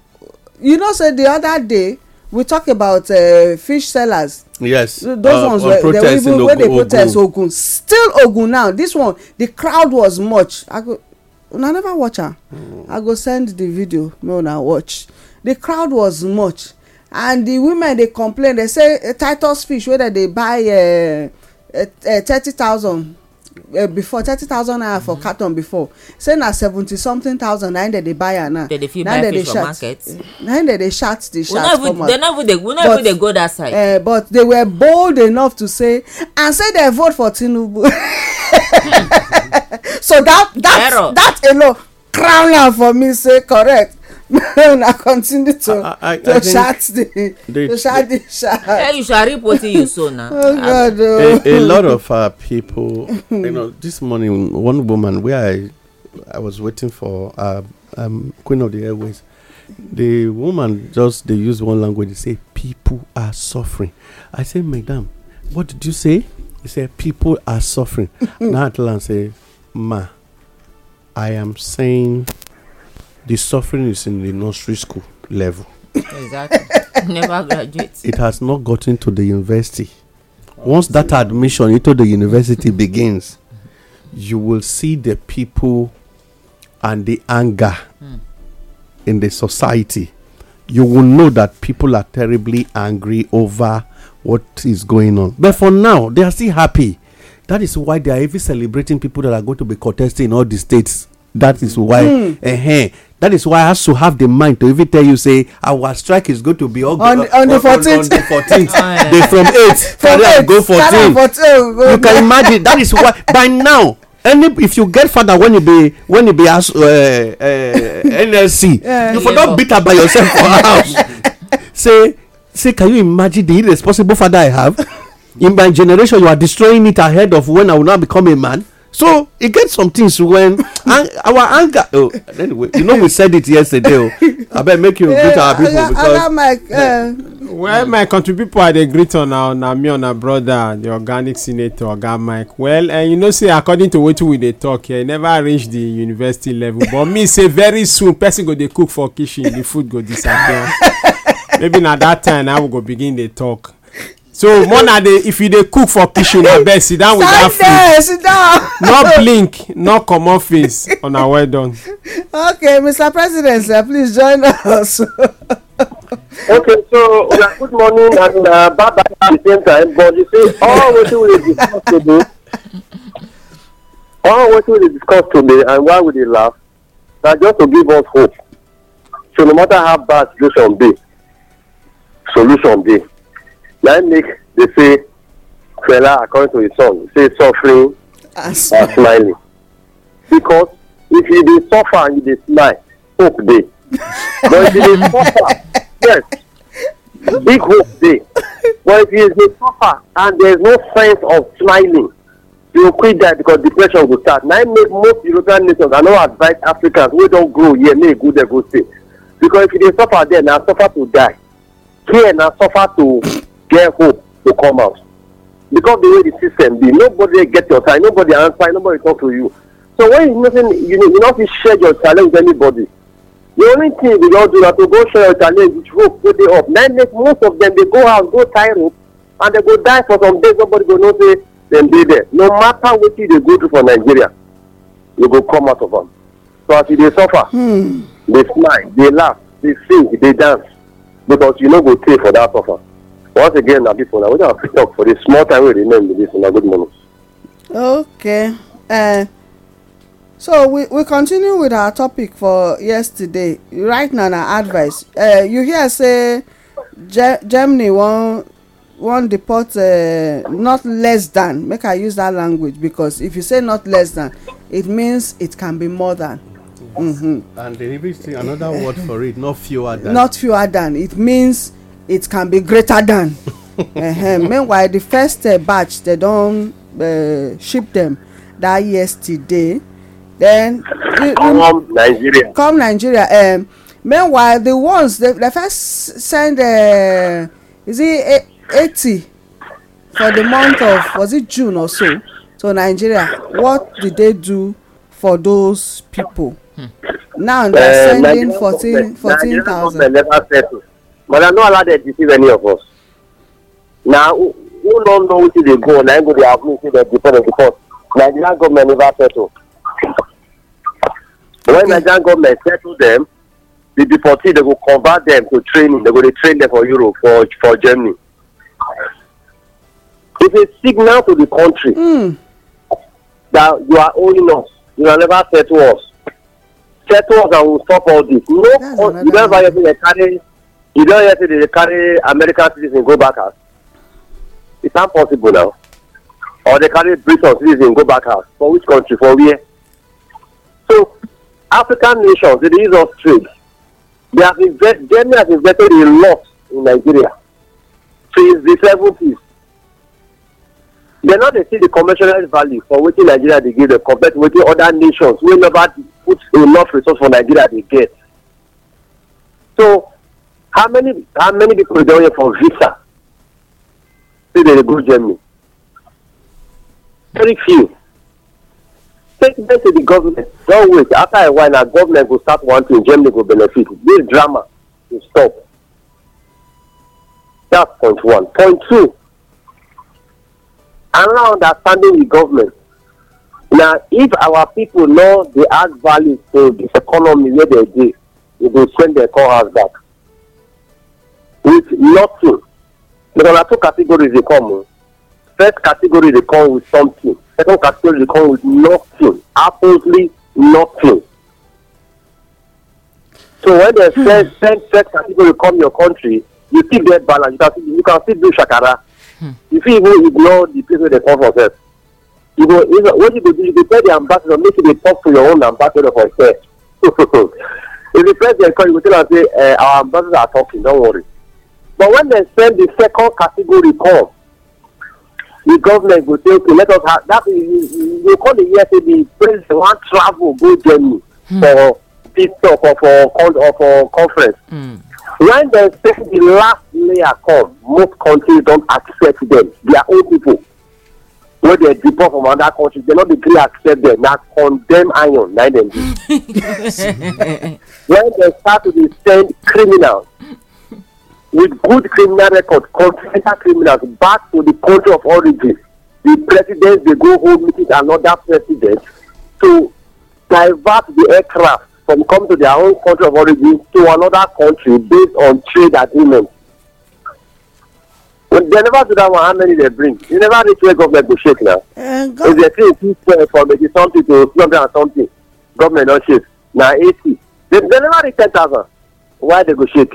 you know say the other day we talk about uh, fish sellers. yes those uh, ones were they even wey they protest ogun still ogun now this one the crowd was much i go una never watch am mm. i go send the video make una watch the crowd was much and the women dey complain They say uh, titus fish wey dem dey buy thirty uh, thousand uh, before thirty thousand naira for mm-hmm. carton before say na seventy something thousand na dem dey buy am now na dem dey shout na dem dey shout the shout come out but dey go that side. Uh, but they were bold enough to say and say they vote for tinubu so that that Error. that alone crown am for me say correct una continue to I, I, to I the, the to shout the shout. Hey, you shall reap what you sow now. oh God! Oh. A, a lot of uh, people, you know, this morning one woman where I I was waiting for uh, um, Queen of the Airways. The woman just they use one language. They say people are suffering. I say, madam, what did you say? He say people are suffering. now at say, ma, I am saying the suffering is in the nursery school level. Exactly. Never graduates. It has not gotten to the university. Once that admission into the university begins, you will see the people and the anger mm. in the society. You will know that people are terribly angry over what is going on. But for now, they are still happy. That is why they are even celebrating people that are going to be contesting in all the states that is why mm. uh -huh. that is why i has to have the mind to even tell you say our strike is going to be on, on, on the fourteenth. on, on the 14th they from eight, from 8 go fourteen. Oh, you can imagine that is why by now any if you get father when you be when you be as uh, uh, nsc yeah, you for don beat am by yourself for house say say can you imagine the irresponsible father i have in my generation you are destroying it ahead of when i will now become a man so e get some things when our anger oh anyway you know we said it yesterday oh abeg make you greet our people because. Uh, well my country people i dey greet una na me una brother the organic senator oga mike well uh, you know say according to wetin we dey talk here e never reach the university level but me say very soon person go dey cook for kitchen the food go disappear maybe na that time na we go begin dey talk so mona dey if you dey cook for kitchen abeg sit down with that food sit down no blink no comot face una well done. okay mr president sir please join us. okay so una good morning and una uh, bye bye at the same time but you see all wetin we dey discuss today all wetin we dey discuss today and why we dey laugh na just to give us hope so no matter how bad solution be. solution dey na make they say fela according to his song say suffering ah, and smiling because if you dey suffer and you dey smile hope dey but if you dey suffer yes big hope dey but if you dey suffer and there is no sense of smiling you quick die because depression go start na im make most european nations i no advise africans wey don grow here make e go there go stay because if you dey suffer there na suffer to die here na suffer to get hope to come out because the way the system be nobody get your time nobody answer nobody talk to you so when you nothing you you no fit share your challenge with anybody the only thing we don do na to go share your challenge with hope wey dey up na make most of them dey go house go tie rope and they go die for some days nobody go know say dem dey there no matter wetin dey go through for nigeria you go come out of am so as you dey suffer hmm. smile dey laugh dey sing dey dance because you no go pay for that suffer once again na pipo na wetin i fit talk for the small time wey remain be this una good morning. okay uh, so we we continue with our topic for yesterday right now na advice uh, you hear say Ge germany wan wan deport uh, not less than make i use that language because if you say not less than it means it can be more than. Mm -hmm. and there is another word for it not fewer than. not fewer than it means it can be greater than uh-huh. meanwhile the first uh, batch they don uh, ship them that yesterday then come nigeria come nigeria um, meanwhile the ones they, they first send uh, is it eighty for the month of was it june or so to nigeria what did they do for those people hmm. now they are uh, sending fourteen fourteen thousand madam no allow dem deceive any of us na who no know wetin dey go na go dey happen say dem depend on the court nigerian government never settle when nigerian government settle dem the deportee they go convert them to training they go dey train them for europe for for germany it's a signal to the country mm. that you are owing us you are never settle us settle us and we will stop all this no you never hear me dey carry You don't yet see they carry American citizen go back house. It's not possible now. Or they carry British citizen go back house. For which country? For where? So African nations, they use us trade. They have invested, Germany has invested a lot in Nigeria since the seventies. They no dey see the commercialized value for wetin Nigeria dey give them compared to wetin other nations wey never put enough resource for Nigeria dey get. So How many how many people down here for visa? Say they go Germany. Very few. Take them to the government. Don't wait. After a while, our government will start wanting Germany will benefit. This drama will stop. That's point one. Point two. Another understanding the government. Now, if our people know they add value to the economy where they do, we will send their call house back with nothing because there are two categories dey come first category dey come with something second category dey come with nothing absolutely nothing so when they send send first category come your country you keep that balance you can still you can still do shakara hmm. you fit even ignore the place wey dem come from sef you go you go wetin you go do you go tell the ambassador make you dey talk to your own ambassador for sef if the president come you go tell am say uh, our ambassador are talking don't worry but when dem send the second category come the government go say okay let us have that is you go come dey hear say the e president wan travel go germany mm. for peace talk or for con or for conference. Mm. when dem send the last layer come most countries don accept them their own people wey dey deport from another country dem no dey gree accept them na condemn iron na dem do. when dem start to dey send criminals with good criminal record continental criminals back to the country of origin the president dey go hold meeting another president to divert the aircraft from coming to their own country of origin to another country based on trade agreement when they never do that one how many they bring you never reach where government go shake now uh, eh, go if they say two twelve eh, from eighty something to two hundred and something government don shake na eighty they they never reach ten thousand why they go shake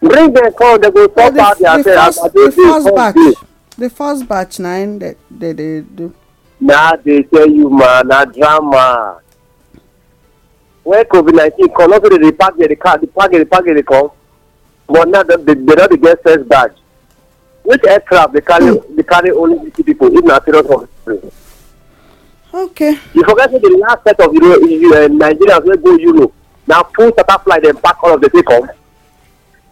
bring dem ah, come dem go sort out their affairs as they dey come dey. the first batch na im dey dey do. na dey tell you ma na drama when covid nineteen come no fit dey pack dey car dey pack dey pack dey come but now dem dey don dey get first batch which aircraft dey carry dey carry only fifty people if na serious hospital. okay. you forget say the last set of euro. know, uh, eh, nigerians wey go europe na full charter flight dem pack all of the take come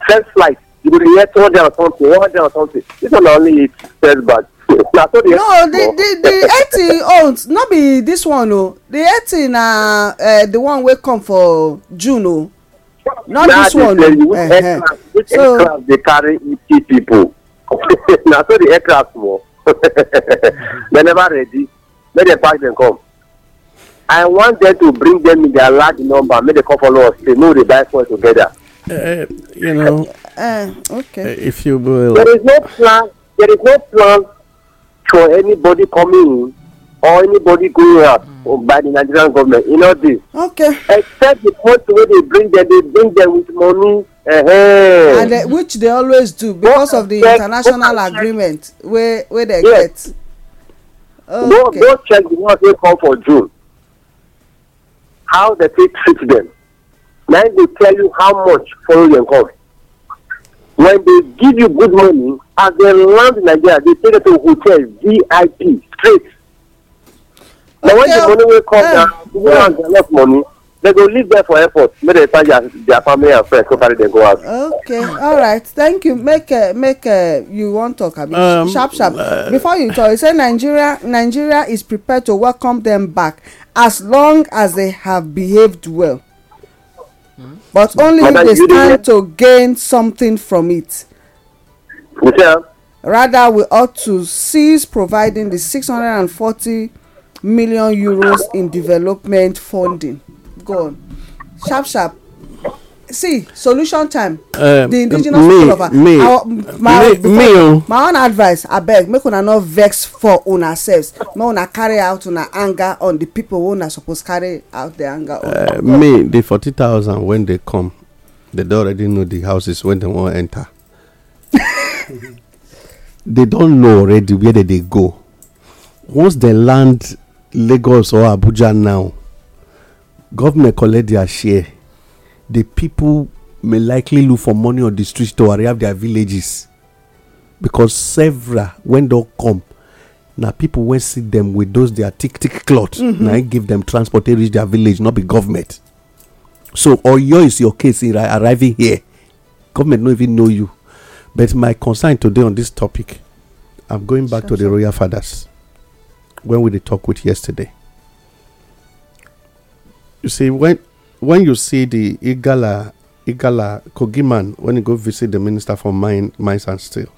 first flight you go dey hear two hundred and something one hundred and something this one na only eight first bag. na so the. no the the the eighty old no be this one o the eighty na uh, the one wey come for june o not nah, this one o uh -huh. so, aircraft dey carry eighty people na so the aircraft small they never ready make dem pack dem come i want them to bring them in their large number make dem come follow us say no dey buy fuel together Uh, uh, you know, uh, uh okay. Uh, if you will, there is no plan. There is no plan for anybody coming or anybody going out mm. by the Nigerian government You know this. Okay. Except the point where they bring them, they bring them with money. Uh-huh. And they, which they always do because no, of the check, international agreement where where they yes. get. Okay. No, no check the ones they come for June. How they treat them now they tell you how much foreign dem cost when they give you good money as dem land nigeria they take you to hotel vip straight na when the money wey come na the way am jollof money they go live there for airport make dem find their family and friends go carry dem go house. okay all right thank you make uh, make uh, you wan talk abi um, sharp sharp uh, before you talk you say nigeria nigeria is prepared to welcome them back as long as they have behaved well but only if they stand to gain something from it. Rather, we ought to cease providing the 640 million euros in development funding. Go on. Sharp, sharp see solution time uh, the indigenous me, people of our, me, our my, me, before, me oh. my own advice abeg make una no vex for una selves make una carry out una anger on the people wey una suppose carry out the anger on. Uh, me the forty thousand when they come they don already know the houses when they wan enter they don know already where they dey go once they land lagos or abuja now government collect their share the people may likely look for money on the street to arrive their villages because several when they come now people will see them with those their thick thick cloth mm -hmm. na mm-hmm. e give them transport to reach their village not be government so oyo is your case in arriving here government no even know you but my concern today on this topic i'm going back sure, to sure. the royal fathers when we talk with yesterday you see when when you see the Igala Igala Kogiman when you go visit the minister for mine, mines and steel,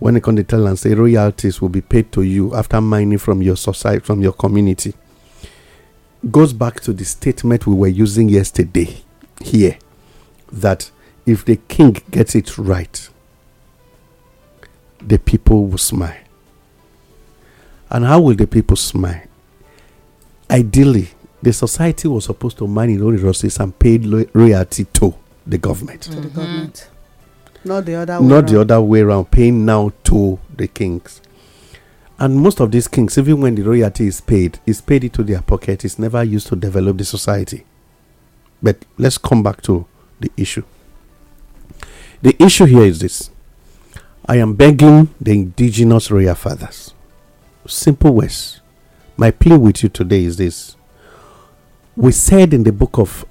when he come to tell and say royalties will be paid to you after mining from your society from your community, goes back to the statement we were using yesterday here that if the king gets it right, the people will smile. And how will the people smile? Ideally, the society was supposed to mine its own resources and paid royalty to the government. To the mm-hmm. government. Not the other way Not around. the other way around, paying now to the kings. And most of these kings, even when the royalty is paid, is paid into their pocket. It's never used to develop the society. But let's come back to the issue. The issue here is this. I am begging the indigenous royal fathers. Simple words. My plea with you today is this we said in the book of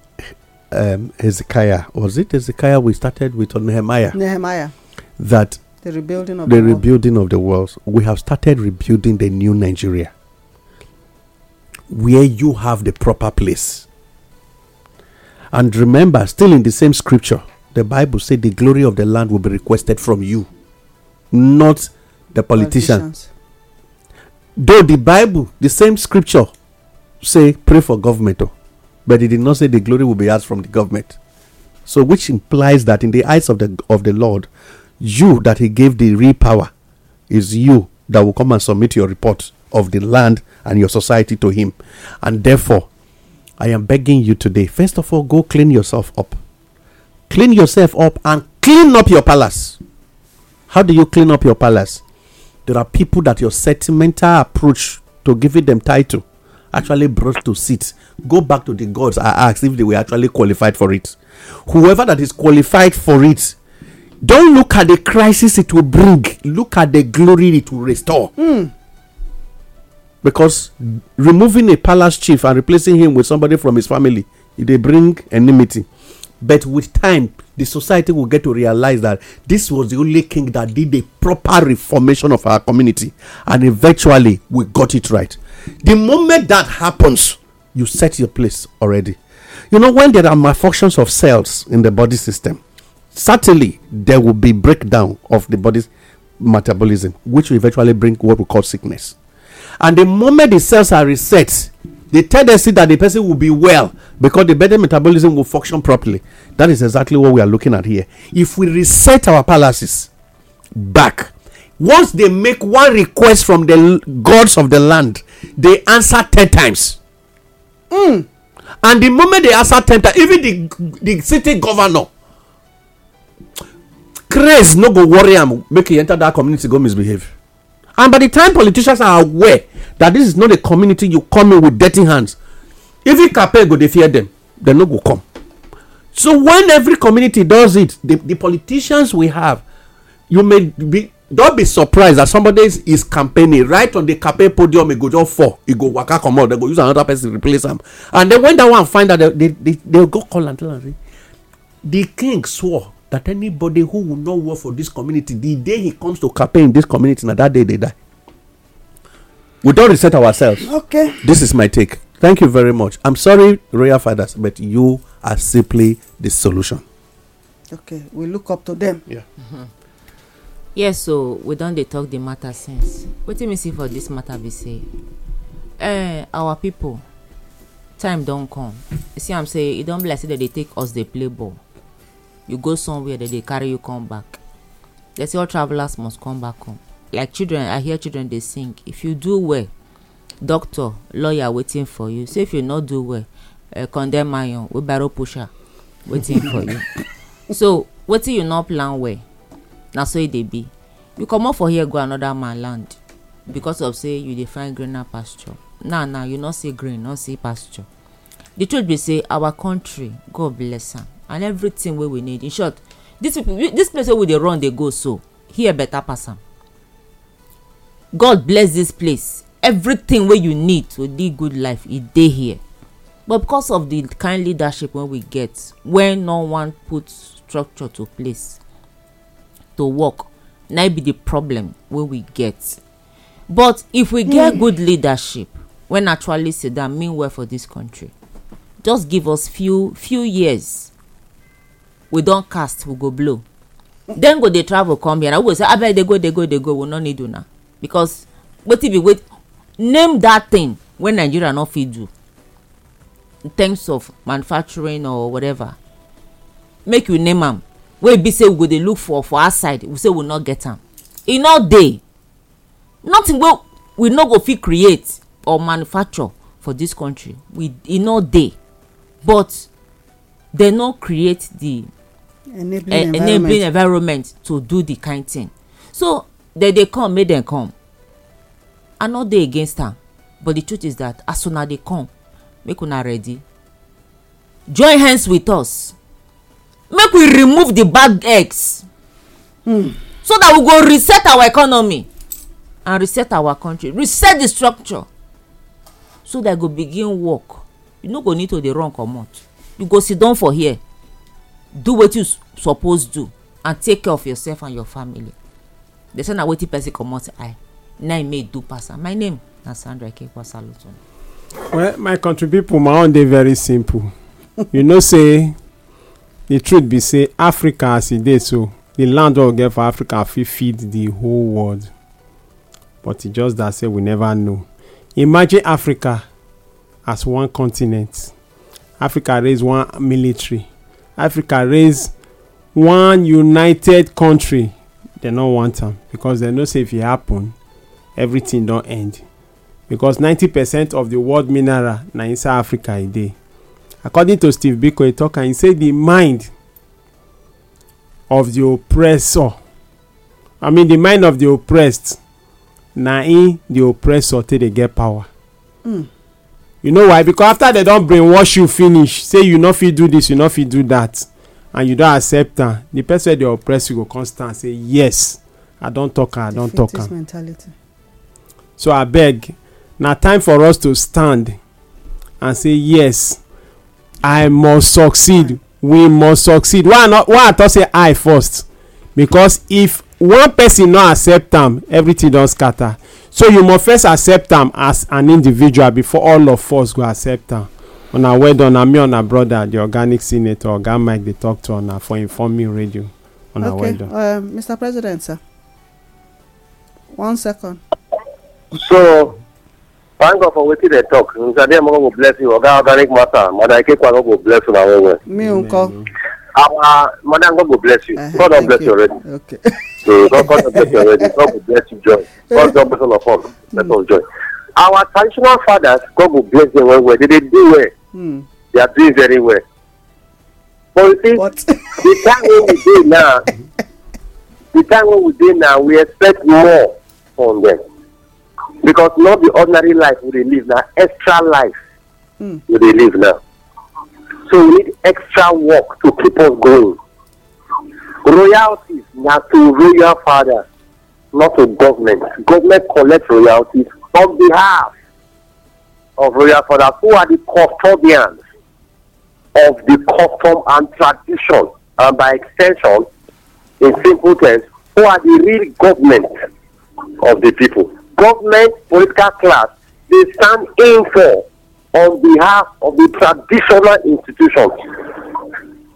um, Hezekiah, was it Hezekiah we started with on Nehemiah? Nehemiah. That the rebuilding of the, the rebuilding world. of the walls. We have started rebuilding the new Nigeria, where you have the proper place. And remember, still in the same scripture, the Bible said the glory of the land will be requested from you, not the politician. politicians. Though the Bible, the same scripture, say pray for government, oh. but he did not say the glory will be asked from the government. So, which implies that in the eyes of the of the Lord, you that He gave the real power is you that will come and submit your report of the land and your society to Him, and therefore, I am begging you today. First of all, go clean yourself up, clean yourself up, and clean up your palace. How do you clean up your palace? There are people that your sentimental approach to giving them title actually brought to sit, go back to the gods and ask if they were actually qualified for it. Whoever that is qualified for it, don't look at the crisis it will bring, look at the glory it will restore. Mm. Because removing a palace chief and replacing him with somebody from his family, they bring enmity. But with time, the society will get to realize that this was the only king that did the proper reformation of our community. And eventually, we got it right. The moment that happens, you set your place already. You know, when there are malfunctions of cells in the body system, certainly there will be breakdown of the body's metabolism, which will eventually bring what we call sickness. And the moment the cells are reset, the tendency that the person will be well because the better metabolism will function properly. That is exactly what we are looking at here. If we reset our palaces back, once they make one request from the gods of the land they answer ten times. Mm. And the moment they answer ten times, even the, the city governor, craze no go worry am make he enter that community go misbehave. And by the time politicians are aware that this is not a community you come in with dirty hands, even Capel go dey fear them, they no go come. So when every community does it, the, the politicians we have, you may be don't be surprised that somebody is campaigning right on the campaign podium He go just fall He go waka comot They go use another person replace am and then when that one find out they they go call am tell am say the king swore that anybody who will not work for this community the day he comes to campaign in this community na that day they die we don reset ourselves okay this is my take thank you very much i'm sorry royal fathers but you are simply the solution okay we look up to them yeah. Mm -hmm yes so we don dey talk the matter since wetin me see for this matter be say eh our people time don come you see am say e don be like say dem dey take us dey play ball you go somewhere dem dey carry you come back dem say all travellers must come back home like children i hear children dey sing if you do well doctor lawyer waiting for you say if you no do well uh, condemn iron wheelbarrow pusher waiting for you so wetin you no plan well na so e dey be you comot for here go another man land because of say you dey find greener pasture now now you no see green no see pasture the truth be say our country god bless am and everything wey we need in short this this place wey we dey run dey go so here better pass am god bless this place everything wey you need to live good life e dey here but because of the kind leadership wey we get wey no wan put structure to place to work na be the problem wey we get but if we get mm. good leadership wey naturally sit down mean well for this country just give us few few years we don cast we go blow then go dey travel come here na we go say abeg dey go dey go dey go we no need una because wetin be wait name that thing wey nigeria no fit do in terms of manufacturing or whatever make you name am wey be say we go dey look for for outside we say we no get am e no dey nothing wey we no go fit create or manufacture for this country we e no dey but dem no create the enabling, e environment. environment to do the kind thing so dem dey come make dem come i no dey against am but the truth is that as una dey come make una ready join hands with us make we remove the bad eggs mm. so that we go reset our economy and reset our country reset the structure so that go begin work you no go need to dey run comot you go sit down for here do wetin you suppose do and take care of yourself and your family dey say na wetin person comot eye na im make e do pass am my name na sandra ikekwa saluton. well my country people my own dey very simple you know say the truth be say africa as e dey so the land wey we get for africa fit feed the whole world but e just that say we never know imagine africa as one continent africa raise one military africa raise one united country dem no want am because dem know say if e happen everything don end because ninety percent of the world mineral na inside africa e dey according to steve biko talker, he say the mind of the oppressor i mean the mind of the oppressed na in the oppressor take dey get power mm. you know why because after they don brainwash you finish say you no fit do this you no fit do that and you don accept am the person wey dey oppress you go come stand say yes i don talk am i don talk am so abeg na time for us to stand and say yes i must succeed we must succeed why not why i talk say i first because if one person no accept am everything don scatter so you must first accept am as an individual before all of us go accept am una well done na me una brother the organic senator oga mike dey talk to una for informing radio una okay. well done. okay um, mr president sir one second. so thank God for wetin dem talk Mr. Adeomo go bless you oga organic matter Mother Ikekwa go bless una well well. mi n kọ. our Mother God go bless you uh-huh, God don bless you already. Okay. so God bless you already God bless you joy God bless all of us bless us joy. our traditional fathers God go bless them well well they dey do well. Mm. they are doing very well. but you see what? the time wey we dey now the time wey we dey now we expect more from them because not the ordinary life we dey live na extra life mm. we dey live now so we need extra work to keep us going royalties na to royal father, not to government government collect royalties on behalf of royal fathers who are the custodians of the custom and tradition and by extension in simple terms who are the real government of the people government political class dey stand in for on behalf of the traditional institutions.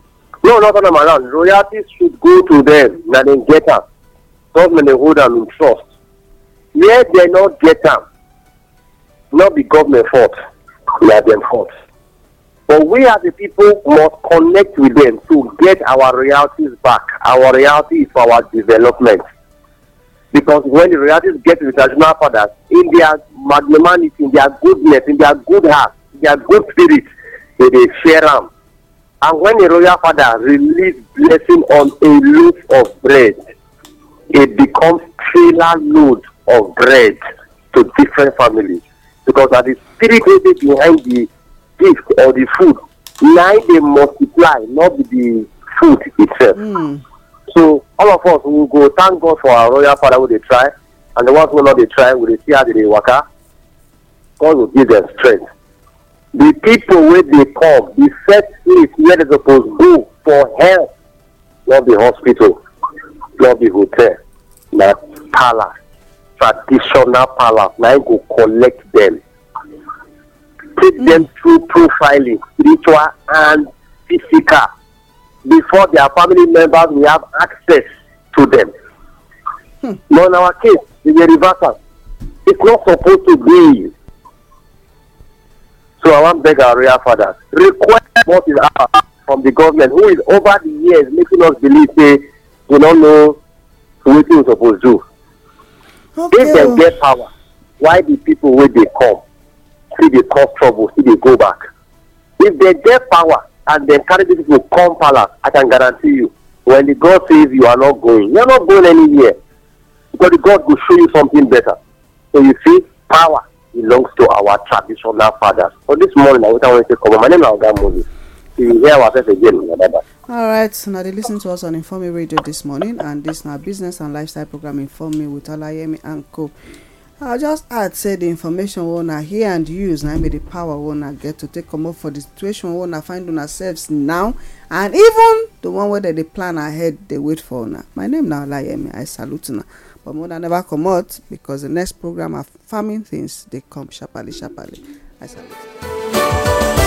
No, not on around. Royalties should go to them na dem get am. Government dey hold am in trust. Where dem no get am, no be government fault, na dem fault. But we as a people must connect with them to get our realities back. Our royalty is for our development because when the royalties get to the traditional fathers in their magnanimity in their goodness in their good heart in their good spirit they dey share am and when a royal father release blessing on a loaf of bread it becomes trailer load of bread to different families because na the spirit wey dey behind the gift or the food na dey multiply not be the food itself mm. so all of us we go thank god for our royal father wey dey try and the ones wey no dey try we dey see how they dey waka god go give them strength the people wey dey come the first place where they suppose go for help no the hospital no the hotel na palace traditional palace na im go collect them take them mm. through profiling spiritual and physical before their family members will have access to them. Hmm. But in our case, in the reversal, it's not supposed to be. So I want to beg our real fathers, request what is ours from the government, who is over the years making us believe they do not know wetin we to do. Okay. If they oh. get power, why the people when they come still they cause trouble, still they go back? If they get power, and then carry the people come palace. I can guarantee you. When the God says you are not going, you are not going anywhere. Because the God will show you something better. So you see, power belongs to our traditional fathers. For this morning, I want to come. My name is Oga Moses. You hear ourselves again. All right, now they listen to us on Informe Radio this morning, and this now business and lifestyle program Informe with Alayemi and Co i just add say the information wey una hear and use na be the power wey una get to take comot for the situation wey una find una selves now and even the one wey dem dey plan ahead dey wait for una my name na olayemi i salute una but more than ever, comot because the next program of farming things dey come sharply sharply i salute